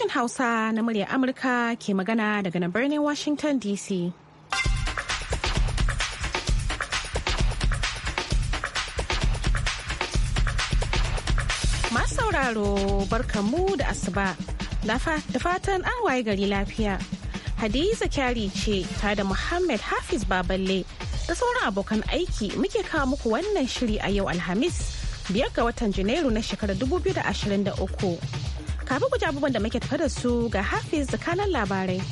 Sashen Hausa na murya Amurka ke magana daga nan birnin Washington DC. Masu sauraro barkamu da asuba da fatan an waye gari lafiya. Hadiza kyari ce ta da Muhammad Hafiz Baballe da sauran abokan aiki muke kawo muku wannan shiri a yau Alhamis biyar ga watan Janairu na shekarar 2023. Kafin ku ji abubuwan da muke tafa da su ga Hafiz zakanan labarai.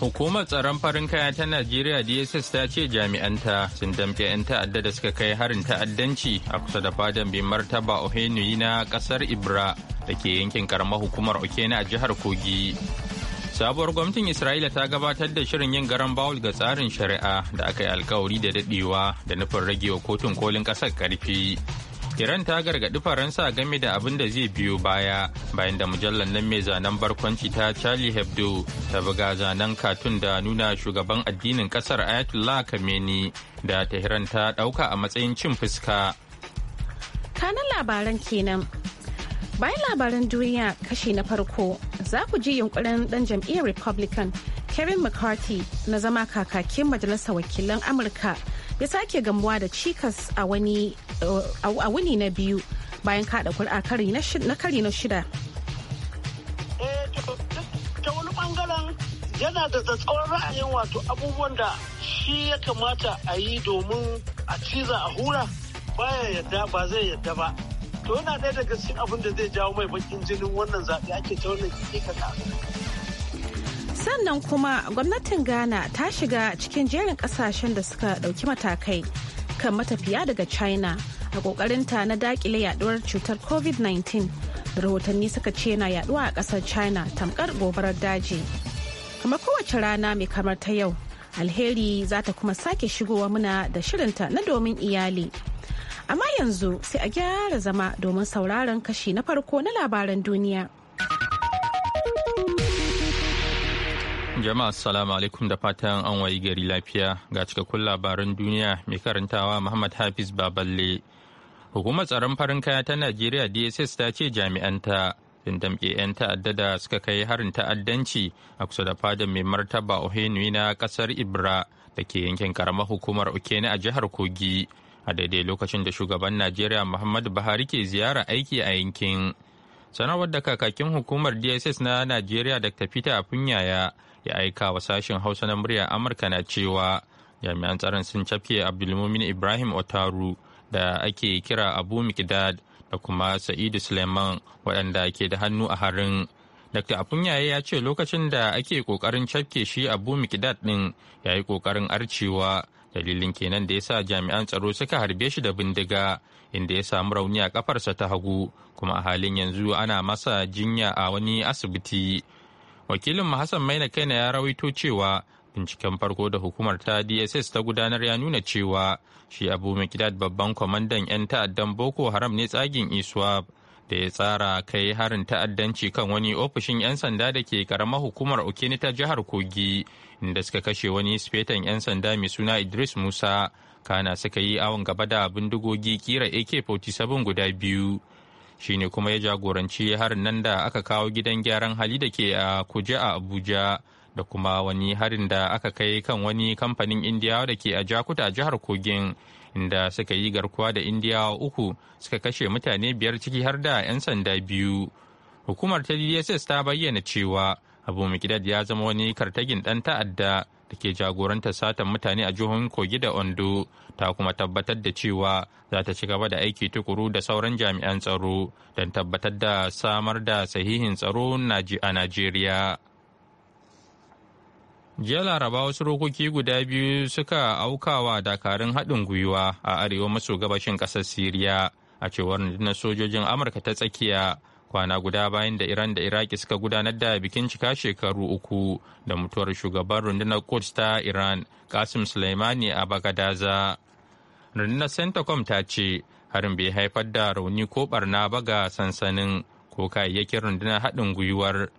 Hukumar tsaron farin kaya ta Najeriya DSS ta ce jami'anta sun damƙe 'yan ta'adda da suka kai harin ta'addanci a kusa da fadan bin martaba ohenui na kasar Ibra da ke yankin karamar hukumar okena a jihar Kogi. Sabuwar gwamnatin Isra'ila ta gabatar da shirin yin garan bawul ga tsarin shari'a da aka yi alkawari da daɗewa da nufin rage kotun kolin ƙasar karfi. Iran ta gargaɗi Faransa game da abin da zai biyo baya bayan da mujallar nan mai zanen barkwanci ta Charlie Hebdo ta buga zanen katun da nuna shugaban addinin kasar Ayatollah Khamenei da Tehran ta ɗauka a matsayin cin fuska. Kanan labaran kenan. Bayan labaran duniya kashi na farko za ku ji yunkurin ɗan jam'iyyar Republican Kevin McCarthy na zama kakakin majalisar wakilan Amurka ya sake gamuwa da cikas a wuni na biyu bayan kada kula na kari na shida. Eh, ta wani bangaren yana da tsatsawar ra'ayin wato abubuwan da shi ya kamata a yi domin a ciza a hura baya yadda ba zai yadda ba to yana ɗaya daga cikin abin da zai jawo mai bakin jinin wannan zaɓe ake ta wannan kika sannan kuma gwamnatin ghana ta shiga cikin jerin kasashen da suka dauki matakai kan matafiya daga china a ƙoƙarinta na dakile yaduwar cutar covid-19 da rahotanni suka ce yana yaduwa a kasar china tamkar gobarar daji kamar kowace rana mai kamar ta yau alheri za ta kuma sake shigowa muna da shirinta na domin iyali amma yanzu sai a gyara zama domin sauraron kashi na farko na labaran duniya. Jama'a salamu alaikum da fatan an wayi gari lafiya ga cikakkun labaran duniya mai karantawa Muhammad Hafiz Baballe. Hukumar tsaron farin kaya ta Najeriya DSS ta ce jami'anta sun damƙe 'yan ta'adda da suka kai harin ta'addanci a kusa da fadan mai martaba Ohenui na ƙasar Ibra da ke yankin karamar hukumar Okene a jihar Kogi a daidai lokacin da shugaban Najeriya Muhammadu Buhari ke ziyara aiki a yankin. Sanarwar da kakakin hukumar DSS na Najeriya Dr. Peter Apunyaya ya aika wa sashen hausa na murya amurka na cewa jami'an tsaron sun cafke abdulmumin ibrahim otaru da ake kira abu mikdad da kuma sa'idu suleiman waɗanda ke da hannu a harin dr afunyaye ya ce lokacin da ake kokarin cafke shi abu mikdad ɗin ya yi kokarin arcewa dalilin kenan da ya sa jami'an tsaro suka harbe shi da bindiga inda ya samu rauni a kafarsa ta hagu kuma a halin yanzu ana masa jinya a wani asibiti wakilin hassan maina kaina ya rawaito cewa binciken farko da hukumar ta dss ta gudanar ya nuna cewa shi abu mikdad babban kwamandan 'yan ta'addan boko haram ne tsagin iswab e da ya tsara kai harin ta'addanci kan wani ofishin 'yan sanda da ke karamar hukumar okene ta jihar kogi inda suka kashe wani sifetan 'yan sanda mai suna idris musa kana suka yi awon gaba da bindigogi kira ak-47 guda biyu shine kuma ya jagoranci harin nan da aka kawo gidan gyaran hali da ke a kuje a abuja da kuma wani harin da aka kai kan wani kamfanin indiyawa da ke a jakuta jihar kogin inda suka yi garkuwa da indiyawa uku suka kashe mutane biyar ciki har da 'yan sanda biyu hukumar ta dss ta bayyana cewa abu mikidad ya zama wani kartagin dan ta'adda da ke jagorantar satan mutane a jihohin kogi da ondo ta kuma tabbatar da cewa za ta ci gaba da aiki tukuru da sauran jami'an tsaro don tabbatar da samar da sahihin tsaro a najeriya jiya laraba wasu rokoki guda biyu suka aukawa dakarun haɗin gwiwa a arewa maso gabashin ƙasar siriya a cewar rundunar sojojin amurka ta tsakiya kwana guda bayan da iran da iraki suka gudanar da bikin cika shekaru uku da mutuwar shugaban rundunar quds ta iran kasim suleimani a bagadaza rundunar centacom ta ce harin bai haifar da rauni ko barna ba ga sansanin ko kayayyakin rundunar haɗin gwiwar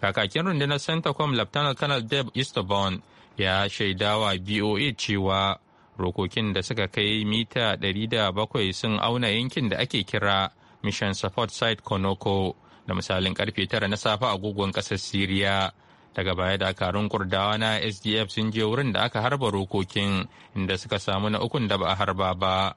kakakin rundunar centacom lieutenant colonel deb easterbone ya shaidawa boa cewa rokokin da suka kai mita 700 sun auna yankin da ake kira mission support site konoko da misalin karfe 9 na safe agogon ƙasar syria daga baya dakarun kurdawa na sdf sun je wurin da aka harba rokokin inda suka samu na ukun da ba a harba ba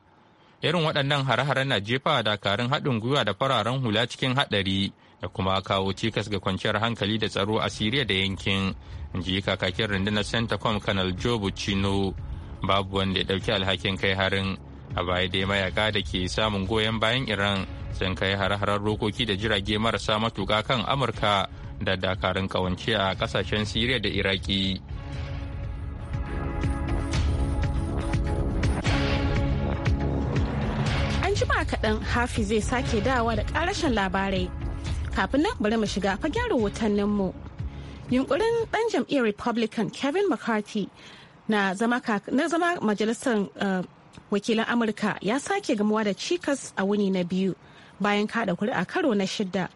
irin waɗannan hare-hare na jefa dakarun haɗin gwiwa da fararen hula cikin haɗari da kuma kawo cikas ga kwanciyar hankali da tsaro a siriya da yankin ji kakakin rundunar centacom kanal joe buccino babu wanda ya ɗauki alhakin kai harin a baya dai mayaka da ke samun goyon bayan iran sun kai har-harar rokoki da jirage marasa matuka kan amurka da dakarun kawance a kasashen siriya da iraki an ma kaɗan hafi zai sake dawa da ƙarashin labarai kafin nan bari mu shiga fagen rahotanninmu yunkurin ɗan jam'iyyar republican kevin mccarthy na zama majalisar eh, wakilin amurka ya sake gamuwa da cikas a wuni na biyu bayan kada a karo na shida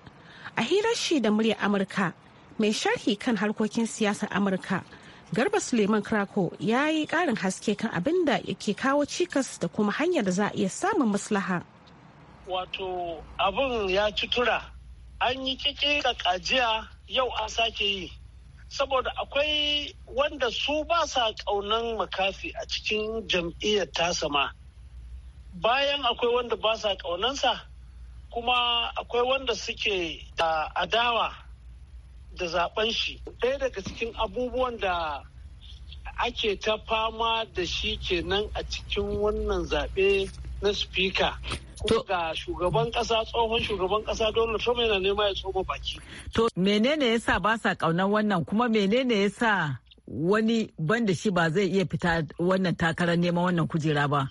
a hirar shi da muryar amurka mai sharhi kan harkokin siyasar amurka garba suleiman krako ya yi karin haske kan abin da ke kawo cikas da kuma hanyar da za a iya samun maslaha wato abin ya ci tura an yi da kajiya yau an sake yi saboda akwai wanda su ba sa ƙaunan makafi a cikin jam'iyyar tasa ma bayan akwai wanda ba sa ƙaunansa kuma akwai wanda suke da adawa da zaben shi ɗaya daga cikin abubuwan da ake ta fama da shi kenan a cikin wannan zaɓe na speaker To ga shugaban kasa tsohon shugaban kasa Donald Trump yana nema ya tsoma baki. To menene yasa ba sa kaunar wannan kuma menene yasa wani banda shi ba zai iya fita wannan takarar neman wannan kujera ba?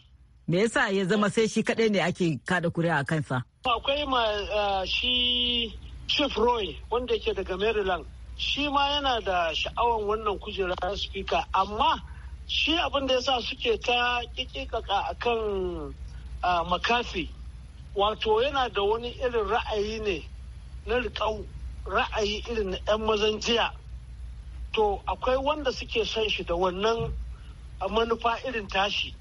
Me yasa ya zama sai shi kadai ne ake kada kuri a kansa? Akwai ma eh, shi Chief Roy wanda yake daga Maryland. Shi ma yana da sha'awan wannan kujera speaker amma shi abin da yasa suke ta kikikaka akan eh, makafi wato yana da wani irin ra'ayi ne na riƙau ra'ayi irin na 'yan mazan jiya to akwai wanda suke son shi da wannan manufa irin tashi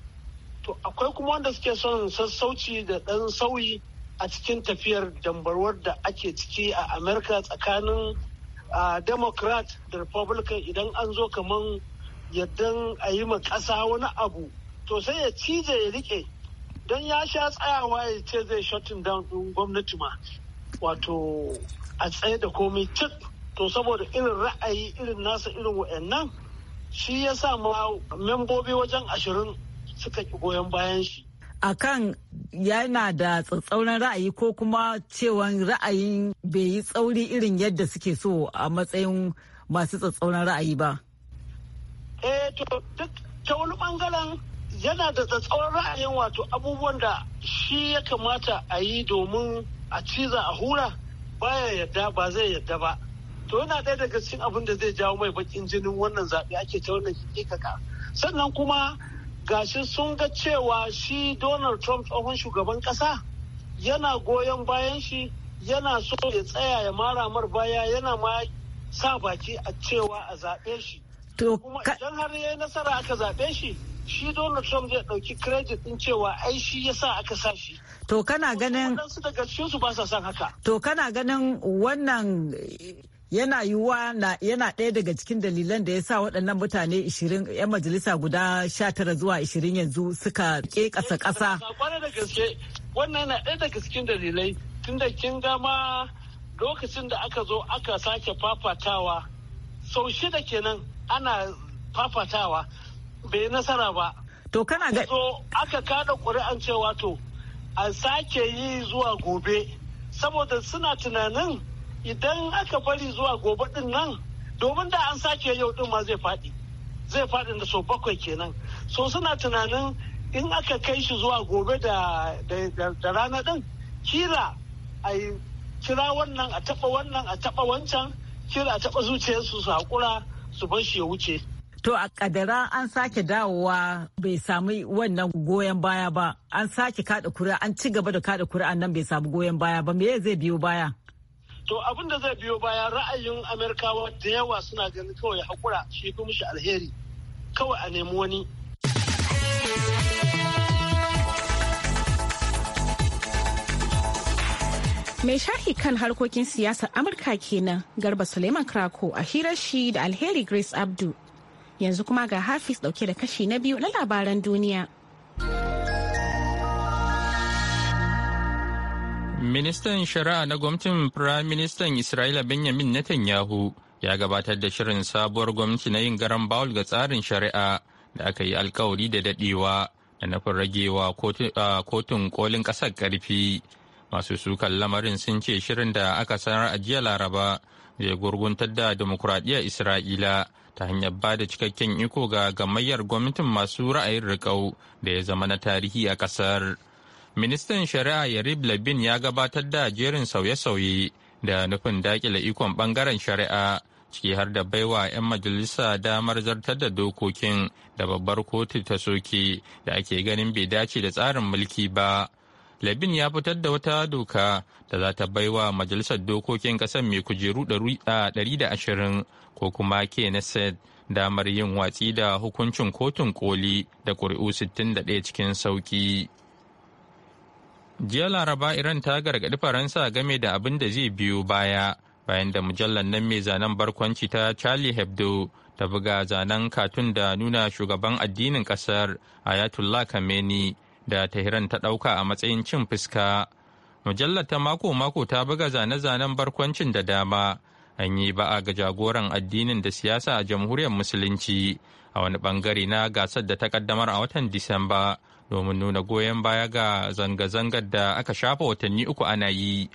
to akwai kuma wanda suke son sassauci da ɗan sauyi a cikin tafiyar dambarwar da ake ciki a america tsakanin democrat da republican idan an zo kaman yadda a yi ma ƙasa wani abu to sai ya cije ya rike don ya sha tsayawa ya ce zai shutting down ɗin gwamnati ma wato a tsaye da komai cik to saboda irin ra'ayi irin nasa irin wa'annan shi ya sa ma membobi wajen ashirin suka ki goyon bayan shi A kan yana da tsatsauran ra'ayi ko kuma cewan ra'ayin bai yi tsauri irin yadda suke so a matsayin masu tsatsauran ra'ayi ba eh to duk ta wani bangaren yana da tsatsauran ra'ayin wato abubuwan da shi ya kamata a yi domin a ciza a hura baya yadda ba zai yadda ba to yana ɗaya daga cikin abin da zai jawo mai bakin jinin wannan zaɓe ake ta wannan kikaka sannan kuma gashi sun ga cewa shi donald trump tsohon shugaban ƙasa yana goyon bayan shi yana so ya tsaya ya mara mar baya yana ma sa baki a cewa a zaɓe shi kuma idan har ya yi nasara aka zaɓe shi shi Donald Trump zai ɗauki credit din cewa ai shi ya sa aka sa shi. To kana ganin. Waɗansu daga su ba sa son haka. To kana ganin wannan yana yiwuwa yana ɗaya daga cikin dalilan da ya sa waɗannan mutane 20 'yan majalisa guda 19 zuwa 20 yanzu suka ke ƙasa ƙasa. Wannan yana ɗaya daga cikin dalilai tunda kin gama lokacin da aka zo aka sake fafatawa sau shida kenan ana fafatawa bai nasara ba to kana ga so aka kada ƙuri'an cewa to a sake yi zuwa gobe saboda suna tunanin idan aka bari zuwa gobe din nan domin da an sake yau din ma zai faɗi zai faɗi da so bakwai kenan so suna tunanin in aka kai shi zuwa gobe da rana din kila a kira wannan a taɓa wannan a taɓa wancan kira a taɓa zuciyarsu su haƙura su bar shi ya wuce To a kadara an sake dawowa bai sami wannan goyon baya ba, an sake kada kuri'a an ci gaba da kada kuri'a nan bai samu goyon baya ba, me zai biyo baya? To abin da zai biyo baya ra'ayin Amerikawa da yawa suna ganin kawai hakura shi fi mishi alheri, kawai a nemi wani. Mai sharhi kan harkokin siyasar Amurka kenan Garba Suleiman Krako a hirar shi da Alheri Grace Abdu Yanzu kuma ga Hafiz dauke da kashi na biyu na labaran duniya. Ministan Shari'a na gwamnatin Firayim Ministan Isra'ila Benjamin Netanyahu ya gabatar da shirin sabuwar gwamnati na yin garan bawul ga tsarin shari'a da aka yi alkawari da dadewa da nufin ragewa kotun kolin kasar karfi Masu sukan lamarin sun ce shirin da aka sanar a jiya Laraba zai gurguntar da demokuraɗiyyar Isra'ila ta hanyar ba da cikakken iko ga gamayyar gwamnatin masu ra'ayin riƙau da ya zama na tarihi a kasar Ministan Shari'a Yarib Labin ya gabatar da jerin sauye-sauye da nufin dakile ikon ɓangaren shari'a ciki har da baiwa 'yan majalisa damar zartar da dokokin da babbar kotu ta soke da ake ganin bai dace da tsarin mulki ba. labin ya fitar da wata doka da za ta baiwa majalisar dokokin kasar mai kujeru 120 ko kuma ke na damar yin watsi da hukuncin kotun koli da ƙuri'u 61 cikin sauki. jiya laraba iran ta gargaɗi faransa game da abin da zai biyo baya bayan da mujallar nan mai zanen barkwanci ta charlie hebdo ta buga zanen katun da nuna shugaban addinin ƙasar ayatollah khamenei da Tehran ta ɗauka a matsayin cin fuska. Mujallar ta mako-mako ta buga zane-zanen barkwancin da dama. An yi ba'a ga jagoran addinin da siyasa a jamhuriyar Musulunci a wani bangare na gasar da ta kaddamar a watan Disamba domin nuna goyon baya ga zanga-zangar da aka shafa watanni uku ana yi.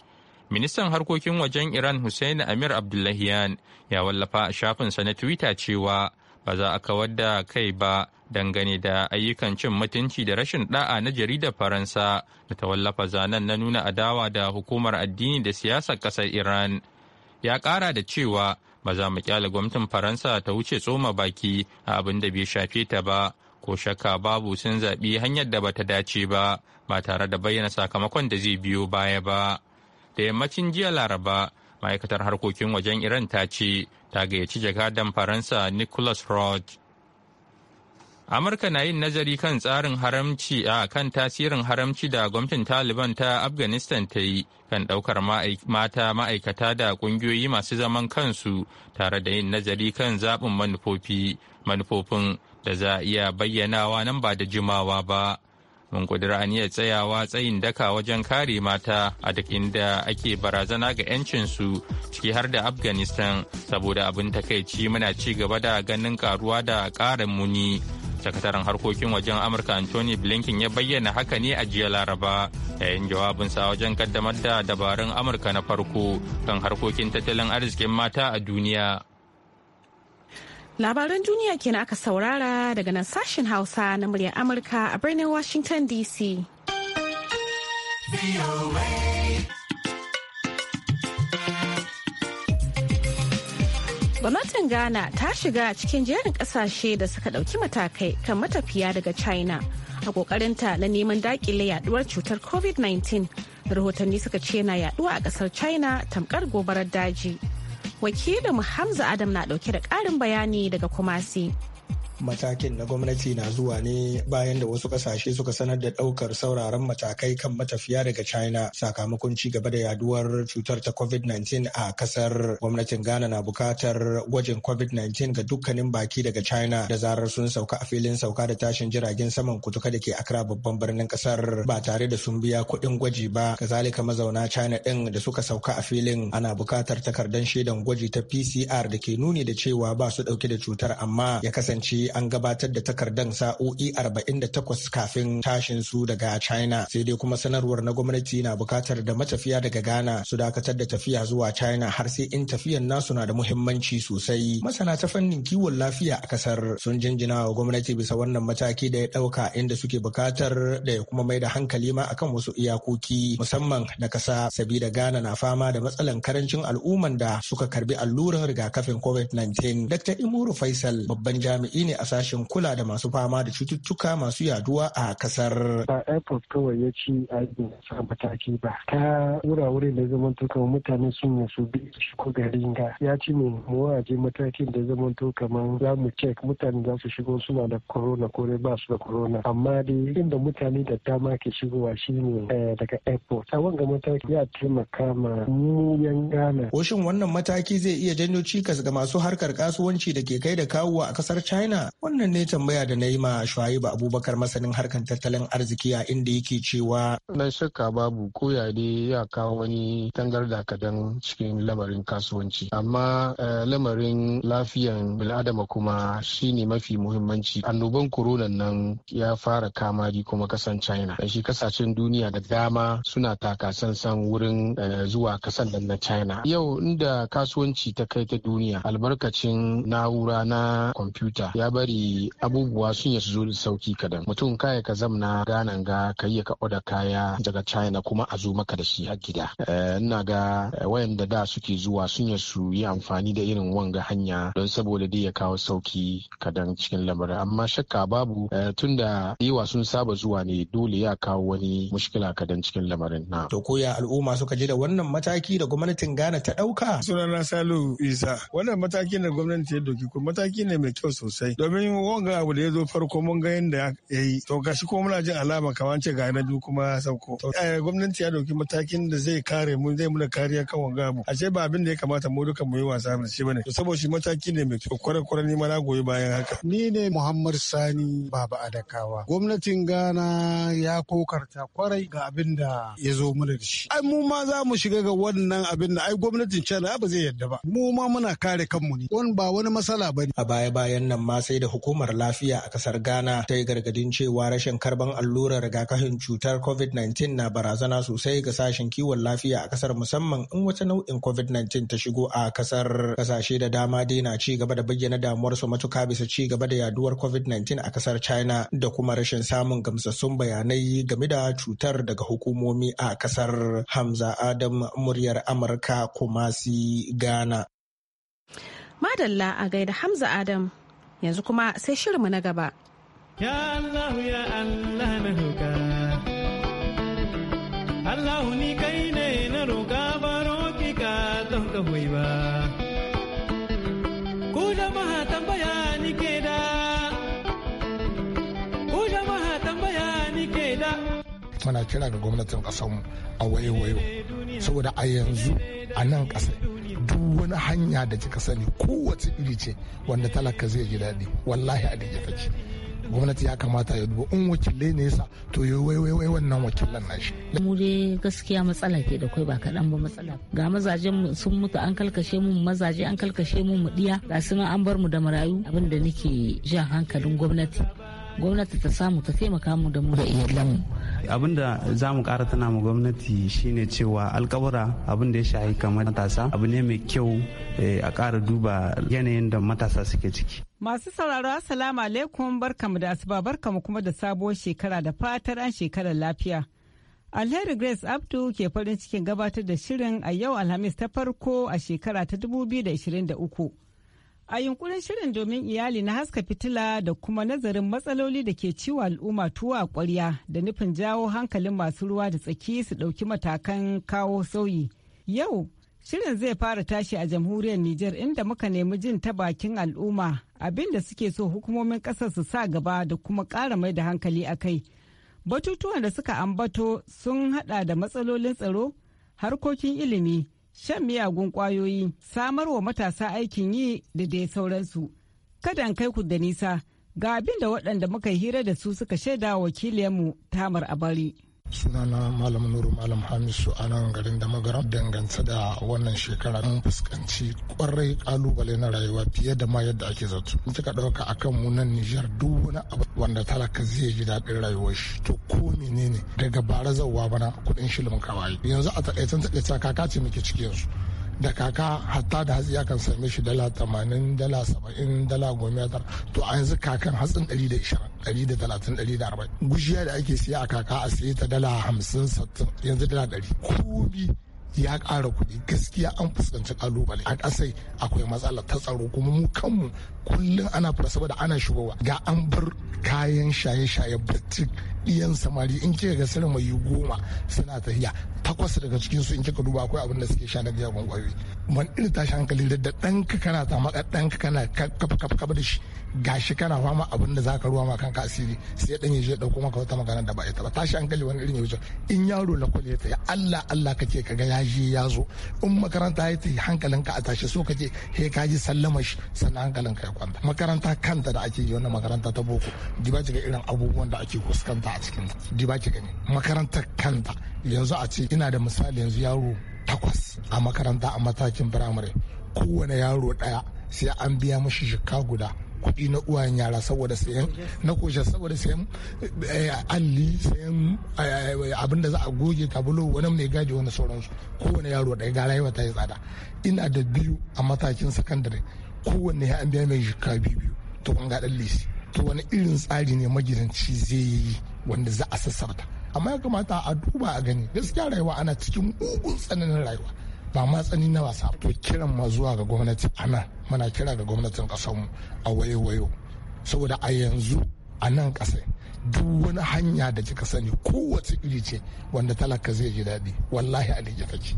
ministan harkokin wajen iran hussein amir abdullahiyan ya wallafa a shafinsa na twitter cewa ba za a kawar da kai ba dangane da ayyukan cin mutunci da rashin da'a na jaridar faransa da ta wallafa zanen na nuna adawa da hukumar addini da siyasar ƙasar iran ya kara da cewa ba za mu kyale gwamnatin faransa ta wuce tsoma baki a abin da bai shafe ta ba ko shakka babu sun zaɓi hanyar da bata dace ba ba tare da bayyana sakamakon da zai biyo baya ba da yammacin jiya laraba ma'aikatar harkokin wajen iran ta ce ta gayyaci jakadan faransa nicholas roch amurka na yin nazari kan tsarin haramci a kan tasirin haramci da gwamnatin taliban ta afghanistan ta yi kan ɗaukar mata ma'aikata da ƙungiyoyi masu zaman kansu tare da yin nazari kan zaɓin manufofi manufofin da za a iya bayyanawa nan ba da jimawa ba mun ƙudura aniyar tsayawa tsayin daka wajen kare mata a duk inda ake barazana ga 'yancinsu ciki har da afghanistan saboda abin takaici muna ci gaba da ganin karuwa da ƙarin muni sakataren harkokin wajen amurka anthony blinken ya bayyana haka ne a jiya laraba yayin jawabinsa wajen kaddamar da dabarun amurka na farko kan harkokin tattalin arzikin mata a duniya labaran duniya kenan aka saurara daga nan sashen hausa na muryar amurka a birnin washington dc Gwamnatin Ghana ta shiga cikin jerin kasashe da suka ɗauki matakai kan matafiya daga China a ƙoƙarinta na neman daƙile yaduwar cutar COVID-19 rahotanni suka ce na yaduwa a ƙasar China tamkar gobarar daji. Wakilin Hamza Adam na ɗauke da ƙarin bayani daga Kumasi. matakin na gwamnati na zuwa ne bayan da wasu kasashe suka sanar da daukar sauraron matakai kan matafiya daga china sakamakon ci gaba da yaduwar cutar ta covid-19 a kasar gwamnatin ghana na bukatar gwajin covid-19 ga dukkanin baki daga china da zarar sun sauka a filin sauka da tashin jiragen saman kutuka da ke akra babban birnin kasar ba tare da sun biya kuɗin gwaji ba kazalika mazauna china ɗin da suka sauka a filin ana bukatar takardar shaidan gwaji ta pcr da ke nuni da cewa ba su ɗauke da cutar amma ya kasance an gabatar da takardar sa'o'i 48 kafin tashin su daga China. Sai dai kuma sanarwar na gwamnati na bukatar da matafiya daga Ghana su dakatar da tafiya zuwa China har sai in tafiyan nasu na da muhimmanci sosai. Masana ta fannin kiwon lafiya a kasar sun jinjina wa gwamnati bisa wannan mataki da ya dauka inda suke bukatar da ya kuma mai da hankali ma akan wasu iyakoki musamman na kasa sabida Ghana na fama da matsalan karancin al'umman da suka karbi allurar rigakafin COVID-19. Dr. Imuru Faisal babban jami'i ne a sashen kula da masu fama da cututtuka masu yaduwa a kasar. Ba airport kawai ya ci a sa mataki ba. Ta wurare da zaman to kamar mutane sun yi su biyu ko garin ga ya ci ne mu waje matakin da zaman to kamar za mu cek mutane za su shigo suna da corona ko dai ba su da corona. Amma dai inda mutane da dama ke shigowa shine eh, daga airport. A wanga mataki ya taimaka ma mu yan Ghana. Ko wannan mataki zai iya janyo cikas ga masu harkar kasuwanci da ke kai da kawuwa a kasar China? Wannan ne tambaya da na yi ma Shuaibu Abubakar masanin harkar tattalin arziki a inda yake cewa. Na shakka babu koya ne ya kawo wani tangarda kadan cikin lamarin kasuwanci. Amma eh, lamarin lafiyan bil'adama kuma shi ne mafi muhimmanci. Annoban korona nan ya fara kamari kuma kasan China. Shi kasashen duniya da dama suna taka sansan wurin eh, zuwa kasan nan na China. Yau inda kasuwanci ta kai ta duniya albarkacin na'ura na kwamfuta ya bari abubuwa sun su zo da sauki kadan mutum kaya ka zamna ganan ga ka yi ka oda kaya daga china kuma a zo maka da shi har gida eh, ina ga eh, wayanda da suke zuwa sun su yi amfani da irin wanga hanya don saboda dai ya kawo sauki kadan cikin lamarin amma shakka babu eh, tunda yawa sun saba zuwa ne dole ya kawo wani mushkila kadan cikin lamarin na to koya al'umma suka je da wannan mataki da gwamnatin Ghana ta dauka sunana Salu Isa wannan matakin da gwamnati ta doki ko mataki ne mai kyau sosai domin wanga abu da ya zo farko mun ga yadda ya yi to gashi ko muna jin alama kamar ce ga na kuma ya sauko eh, gwamnati ya dauki matakin da zai kare mu zai muna kariya kan wanga abu ce ba abin da ya kamata mu duka mu yi wasa da shi bane to saboda shi mataki ne mai kyau kwarar kwarar ni ma na goyi bayan haka ni ne Muhammad Sani Baba Adakawa gwamnatin Ghana ya kokarta kwarai ga abin da ya zo mana da shi ai mu ma za mu shiga ga wannan abin da ai gwamnatin China ba zai yadda ba mu ma muna kare kanmu ne wani ba wani masala bane a baya bayan nan ma sai da hukumar lafiya a kasar Ghana ta yi gargadin cewa rashin karban allurar rigakafin cutar COVID-19 na barazana sosai ga sashen kiwon lafiya a kasar musamman in wata nau'in COVID-19 ta shigo a kasar kasashe da dama dai na ci gaba da bayyana damuwar su matuka bisa ci gaba da yaduwar COVID-19 a kasar China da kuma rashin samun gamsassun bayanai game da cutar daga hukumomi a kasar Hamza Adam muryar Amurka Kumasi Ghana. Madalla a gaida Hamza Adam. yanzu kuma sai shirinmu na gaba ya allah ya allah na roka allah ni kai ne na roka baro ki ka don ka ba ku jama'a tambaya ni ke da muna kira ga gwamnatin kasanmu a waye-wayo saboda a yanzu a nan ƙasar duk wani hanya da kika sani kowace iri ce wanda talaka zai ji daɗi wallahi a dige ce gwamnati ya kamata ya duba in wakilai ne sa to ya waiwaiwai wannan wakilan na mu dai gaskiya matsala ke da kai ba kaɗan ba matsala ga mazaje sun mutu an kalkashe mu mazaje an kalkashe mu mu ɗiya ga su an bar mu da marayu abin da nake jan hankalin gwamnati gwamnati ta samu ta taimaka mu da mu da iyalanmu. da za mu kara tana mu gwamnati shine cewa alkawura abin da ya shahi kamar matasa abu ne mai kyau eh, a kara duba yanayin da matasa suke ciki masu sauraro assalamu alaikum barkamu da asuba barkamu kuma da sabuwar shekara da fatar an shekarar lafiya alheri grace abdu ke farin cikin gabatar da shirin a yau alhamis ta farko a shekara ta 2023 A yunkurin shirin domin iyali na haska fitila da kuma nazarin matsaloli da ke ciwo al'umma tuwa a ƙwarya da nufin jawo hankalin masu ruwa da tsaki su ɗauki matakan kawo sauyi. Yau, shirin zai fara tashi a jamhuriyar Nijar inda muka nemi jin ta bakin al'umma abin da suke so hukumomin ƙasar su sa gaba da kuma ƙara mai da hankali a kai. Batutuwan da suka ambato sun haɗa da matsalolin tsaro, harkokin ilimi, shan miyagun ƙwayoyi, wa matasa aikin yi da dai sauransu. Kadan kai ku da nisa, ga abin da waɗanda muka hira da su suka shaida wakiliyarmu Tamar a bari. sunana malam nuru malam hamisu a nan garin da magara dangance da wannan shekara mun fuskanci kwarai kalubale na rayuwa fiye da ma yadda ake zato in kika dauka akan mu nan Nijar duk wani abu wanda talaka zai ji daɗin rayuwar shi to ko menene daga bara bana kuɗin shilin kawai yanzu a takaitan takaita kaka ce muke cikin su da kaka hatta da hatsi akan same shi dala tamanin dala saba'in dala goma tara to a yanzu kakan hatsin ɗari da ishirin ɗari da talatin ɗari da arba'in gushiya da ake siya a kaka a siye ta dala hamsin sattin yanzu dala ɗari komi ya ƙara kuɗi gaskiya an fuskanci kalubale a ƙasai akwai matsala ta tsaro kuma mu kanmu kullum ana fura saboda ana shigowa ga an bar kayan shaye-shaye batik ɗiyan samari in kika ga sirri mai goma suna tafiya takwas daga cikin su in kika duba akwai abin da suke sha na jagon kwayoyi man ina tashi hankali da dan ka kana ta maka dan ka kana kafa kafa kafa da shi gashi kana fama abin da zaka ruwa ma kanka asiri sai dan yaje dauko maka wata magana da ba ita ba tashi hankali wani irin yaje in yaro na kule ta Allah Allah kake kaga ya yaji ya zo in makaranta ya hankalin ka a tashi so kake he ka ji sallama shi sannan hankalinka ya kwanta makaranta kanta da ake yi wannan makaranta ta boko diba ga irin abubuwan da ake kuskanta a cikin diba ki gani makarantar kanta yanzu a ce ina da misali yanzu yaro takwas a makaranta a matakin firamare kowane yaro ɗaya sai an biya mashi shika guda kuɗi na uwayen yara saboda sayan na kushe saboda sayan eh, alli sayan eh, abin da za a goge tabulo wani mai gaji wani sauransu kowane yaro ɗaya ga rayuwa ta yi tsada ina da biyu a matakin sakandare kowanne ya an biya mai shika biyu biyu to an ga ɗan lisi to wani irin tsari ne magidanci zai yi wanda za a sassarta amma ya kamata a duba a gani gaskiya rayuwa ana cikin mugun tsananin rayuwa ba ma tsani na wasa to kiran ma zuwa ga gwamnati ana muna kira ga gwamnatin mu a wayo-wayo saboda a yanzu a nan kasa duk wani hanya da kika sani kowace iri ce wanda talaka zai ji daɗi wallahi a take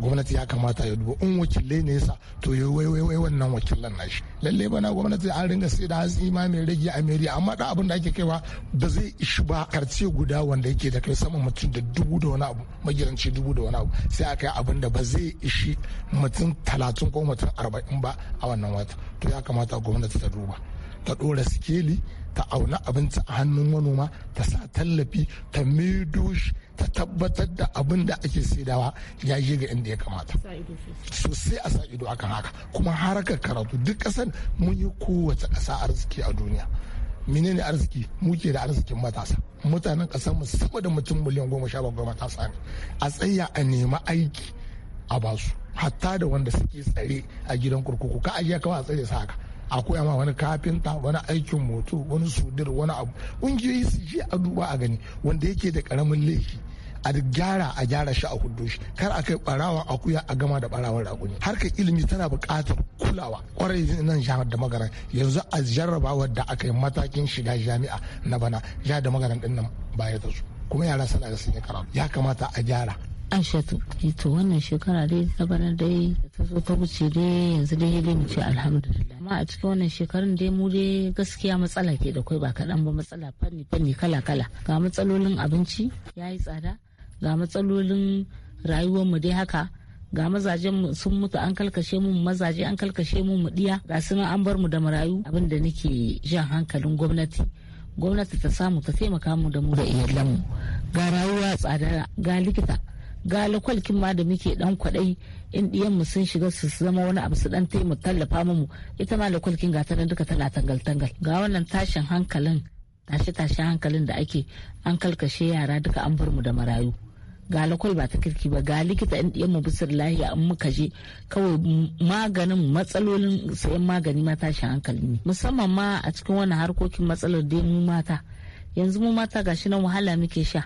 gwamnati ya kamata ya duba in wakilai ne yasa to ya wai wannan wakilan nashi lalle bana gwamnati an ringa sai da hatsi ma mai rage a meri amma da abin da ake kaiwa ba zai ishi ba karce guda wanda yake da kai saman mutum da dubu da wani abu magiranci dubu da wani abu sai a kai abin da ba zai ishi mutum talatin ko mutum arba'in ba a wannan wata to ya kamata gwamnati ta duba ta ɗora sikeli ta auna abinci a hannun manoma ta sa tallafi ta maido shi ta tabbatar da abin da ake saidawa ya yi ga inda ya kamata sosai a sa ido akan haka kuma harkar karatu duk kasar mun yi kowace kasa arziki a duniya menene arziki muke da arzikin matasa mutanen ƙasar mu sama da mutum miliyan goma sha bakwai matasa ne a tsaya a nema aiki a basu hatta da wanda suke tsare a gidan kurkuku ka ajiya kawai a tsare su haka a koya ma wani kafinta wani aikin moto wani sudir wani abu ƙungiyoyi su je a duba a gani wanda yake da karamin laifi a gyara a gyara shi a hudu shi kar a kai barawa akuya a gama da barawar raguni harkar ilimi tana buƙatar kulawa kwarai nan jihar da magaran yanzu a jarrabawar da aka yi matakin shiga jami'a na bana jihar da magaran din nan baya ta su kuma yara sana da sun karatu ya kamata a gyara aishatu to wannan shekara dai ta bana dai ta zo ta wuce dai yanzu dai dai mu ce alhamdulillah amma a cikin wannan shekarun dai mu dai gaskiya matsala ke da kwai ba kaɗan ba matsala fanni fanni kala kala ga matsalolin abinci ya yi tsada ga matsalolin rayuwarmu dai haka ga mazaje sun mutu an kalkashe mu mazaje an kalkashe mu mu diya ga su an bar mu da marayu abin da nake jan hankalin gwamnati gwamnati ta samu ta taimaka mu da mu da iyalanmu ga rayuwa tsada ga likita ga lakwalkin ma da muke dan kwadai in mu sun shiga su zama wani abu su dan taimu tallafa mu ita ma lakwalkin ga nan duka tana tangal tangal ga wannan tashin hankalin tashi tashi hankalin da ake an kalkashe yara duka an bar mu da marayu ga lakwal ba ta kirki ba ga likita in mu bisir lahiya an muka je kawai maganin matsalolin sayan magani ma tashin hankali ne musamman ma a cikin wani harkokin matsalar dai mu mata yanzu mu mata gashi nan wahala muke sha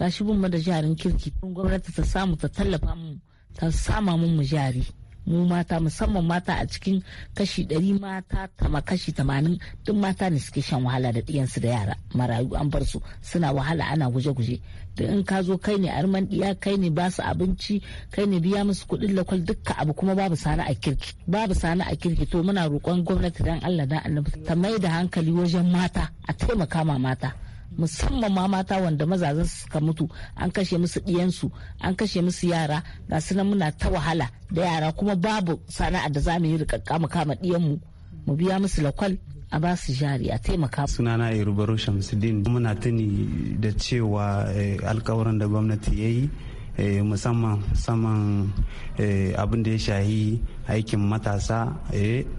gashi bin mu da jarin kirki gwamnati ta samu ta tallafa mu ta sama mu mu jari mu mata musamman mata a cikin kashi ɗari mata tama kashi tamanin duk mata ne suke shan wahala da ɗiyansu da yara marayu an bar su suna wahala ana guje-guje duk in ka zo kai ne arman ɗiya kai ne ba su abinci kai ne biya musu kuɗin lakwal dukka abu kuma babu sana a kirki babu sana a kirki to muna roƙon gwamnati dan Allah dan annabi ta mai da hankali wajen mata a taimaka ma mata musamman ma mata wanda mazazan suka mutu an kashe musu ɗiyansu an kashe musu yara ga sunan muna ta wahala da yara kuma babu sana'a da za mu yi rikakka mu kama ɗiyanmu mu biya musu lakwal a ba su jari a taimaka. sunana irubaro shamsuddin muna tuni da cewa eh, alkawarin da gwamnati ya yi eh, musamman saman eh, abin da ya shahi aikin matasa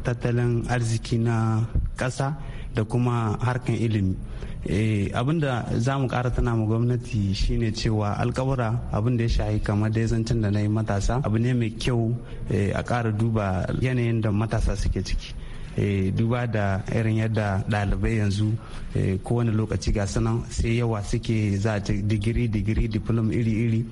tattalin arziki na ƙasa da kuma harkan ilimi Eh, abinda za mu kara tana mu gwamnati shine cewa alkawura abin da ya shahi kamar da zancen da na yi matasa abu ne mai kyau eh, a kara duba yanayin da matasa suke ciki eh, duba da irin yadda ɗalibai yanzu kowane lokaci ga sanan sai yawa suke za digiri digiri diplom iri-iri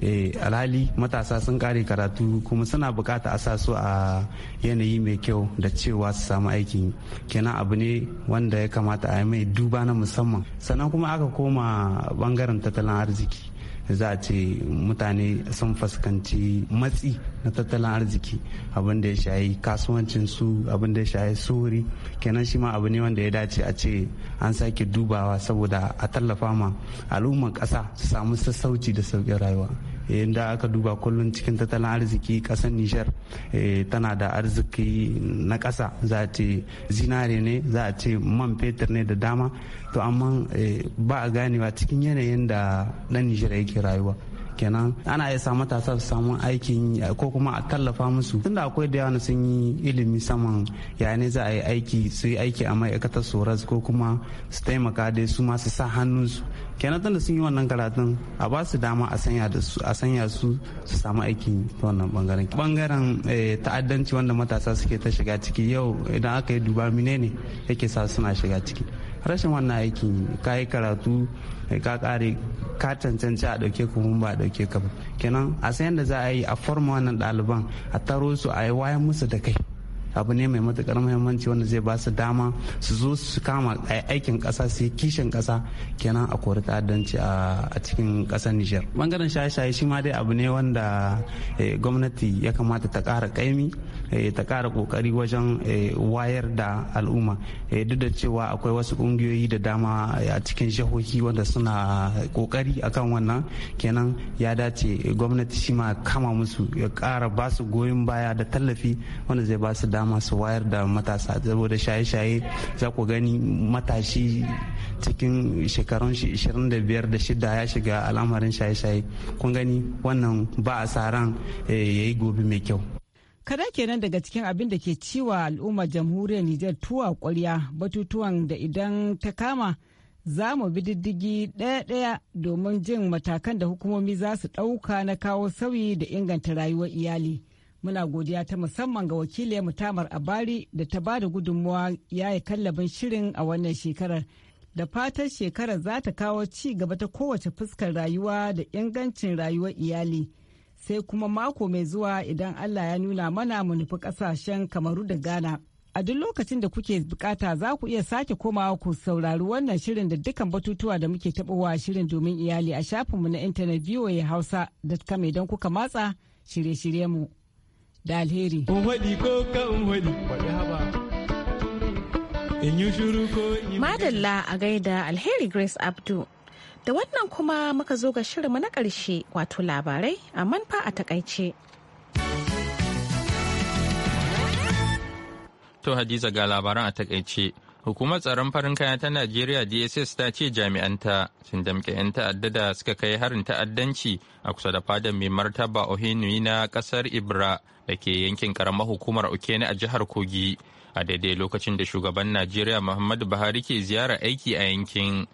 Eh, alhali matasa sun kare karatu kuma suna bukata a sa su a yanayi mai kyau da cewa su samu aikin kenan abu ne wanda ya kamata a yi mai duba na musamman sannan kuma aka koma bangaren tattalin arziki za a ce mutane sun fuskanci matsi na tattalin arziki abin da ya shayi kasuwancin su abin da ya shayi sori kenan shi ma abu ne wanda ya dace a ce an sake dubawa saboda a tallafa ma al'umman ƙasa su samu sassauci da sauƙin rayuwa Eh, inda aka duba kullum cikin tattalin arziki kasar nijar eh, tana da arziki na ƙasa za a ce zinare ne za a ce man fetur ne da dama to amma eh, ba a ganewa cikin yanayin da ɗan nijar yake rayuwa kenan ana iya sa matasa su samu aikin ko kuma a tallafa musu tunda akwai da yawa sun yi ilimi saman ya ne za a yi aiki su yi aiki a ma'aikatar soras ko kuma su taimaka da su ma su sa hannunsu kenan tunda sun yi wannan karatun a ba su dama a sanya su a sanya su su samu aikin ta wannan bangaren bangaren eh, ta'addanci wanda matasa suke ta shiga ciki yau idan aka yi duba menene yake sa suna shiga ciki rashin wannan aikin ka yi karatu eh, ka kare ka cancanci a dauke ka kuma ba a dauke ka ba kenan a sayan da za a yi a forma wannan ɗaliban a taro su a yi wayan musu da kai abu ne mai matukar muhimmanci wanda zai ba su dama su zo su kama aikin kasa su yi kishin kasa kenan a kori ta'addanci a cikin kasar Nijar. Bangaren shaye-shaye shi ma dai abu ne wanda eh, gwamnati ya kamata ta kara kaimi Eh, ta kara kokari wajen eh, wayar da al'umma eh, duk da cewa akwai wasu ƙungiyoyi da dama a cikin jihohi wanda suna kokari akan wannan kenan ya dace gwamnati shi ma kama musu ya ƙara ba su goyon baya da tallafi wanda zai ba su dama su wayar da matasa saboda shaye-shaye za ku gani matashi cikin shekarun 25 da shida ya shiga al'amarin shaye-shaye kun gani wannan ba a sa ya yi gobe mai kyau Kada kenan daga cikin abin da ke ciwa al'ummar jamhuriyar Nijar tuwa kwarya batutuwan da idan ta kama za mu bi diddigi ɗaya-ɗaya domin jin matakan da hukumomi za su ɗauka na kawo sauyi da inganta rayuwar iyali. Muna godiya ta musamman ga wakiliyar mutamar abari da ta ba da gudunmuwa ya yi kallabin shirin a wannan shekarar. Da fatan shekarar za ta kawo ci gaba ta kowace fuskar rayuwa da ingancin rayuwar iyali. sai kuma mako mai zuwa idan Allah ya nuna mana mu nufi kasashen kamaru da Ghana. A duk lokacin da kuke bukata za ku iya sake komawa ku saurari wannan shirin da dukkan batutuwa da muke tabowa shirin domin iyali a shafinmu na intanet voa kame idan kuka matsa shirye-shiryenmu da alheri. Madalla a gaida alheri Grace Abdu. Da wannan kuma muka zo ga shirinmu na ƙarshe wato labarai a manfa a takaice. To Hadiza ga labaran a takaice. Hukumar tsaron farin kaya ta Najeriya DSS ta ce jami'anta sun damƙe 'yan ta'adda da suka kai harin ta'addanci a kusa da fadar mai martaba Ohinui na ƙasar Ibra da ke yankin ƙaramar hukumar Okene a jihar Kogi. A daidai lokacin da shugaban Najeriya Muhammadu Buhari ke ziyara aiki a yankin.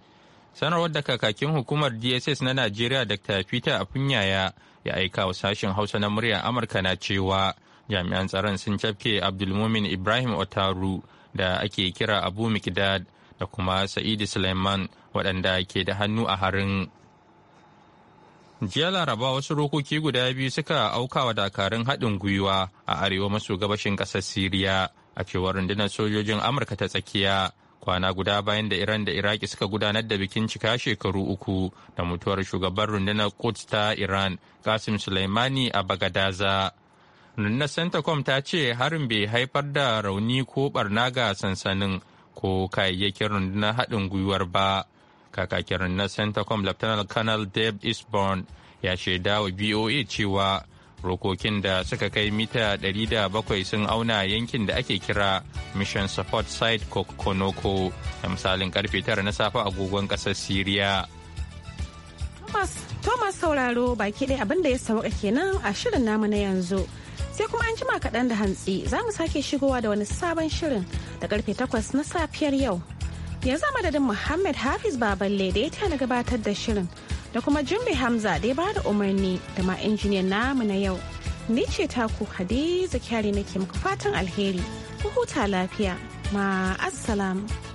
sanarwar da kakakin hukumar dss na najeriya dr peter apunyaya ya aika wa sashen hausa na murya amurka na cewa jami'an tsaron sun cafke abdulmumin ibrahim otaru da ake kira abu mikdad da kuma sa'idu suleiman waɗanda ke da hannu a harin jiya laraba wasu rokoki guda biyu suka auka wa dakarun haɗin gwiwa a arewa maso gabashin ƙasar siriya a cewar rundunar sojojin amurka ta tsakiya kwana guda bayan da iran da iraki suka gudanar da bikin cika shekaru uku da mutuwar shugaban rundunar quds ta iran kasim suleimani a bagadaza rundunar centacom ta ce harin bai haifar da rauni ko barna ga sansanin ko kayayyakin rundunar haɗin gwiwar ba kakakin rundunar centacom lieutenant colonel dave Eastbourne ya shaida wa boa cewa rokokin da suka kai mita 700 sun auna yankin da ake kira mission support site kokonoko da misalin karfe 9 na safe agogon kasar syria thomas sauraro baki ɗaya abinda ya sauka kenan a shirin namu na yanzu sai kuma an jima kaɗan da hantsi za mu sake shigowa da wani sabon shirin da karfe 8 na safiyar yau yanzu madadin muhammad hafiz baballe da ya tana gabatar da shirin da kuma jumbe hamza da ya bada umarni da ma injiniyan namu na yau ni ce taku hadiza kyari nake muku fatan alheri ku huta lafiya ma assalamu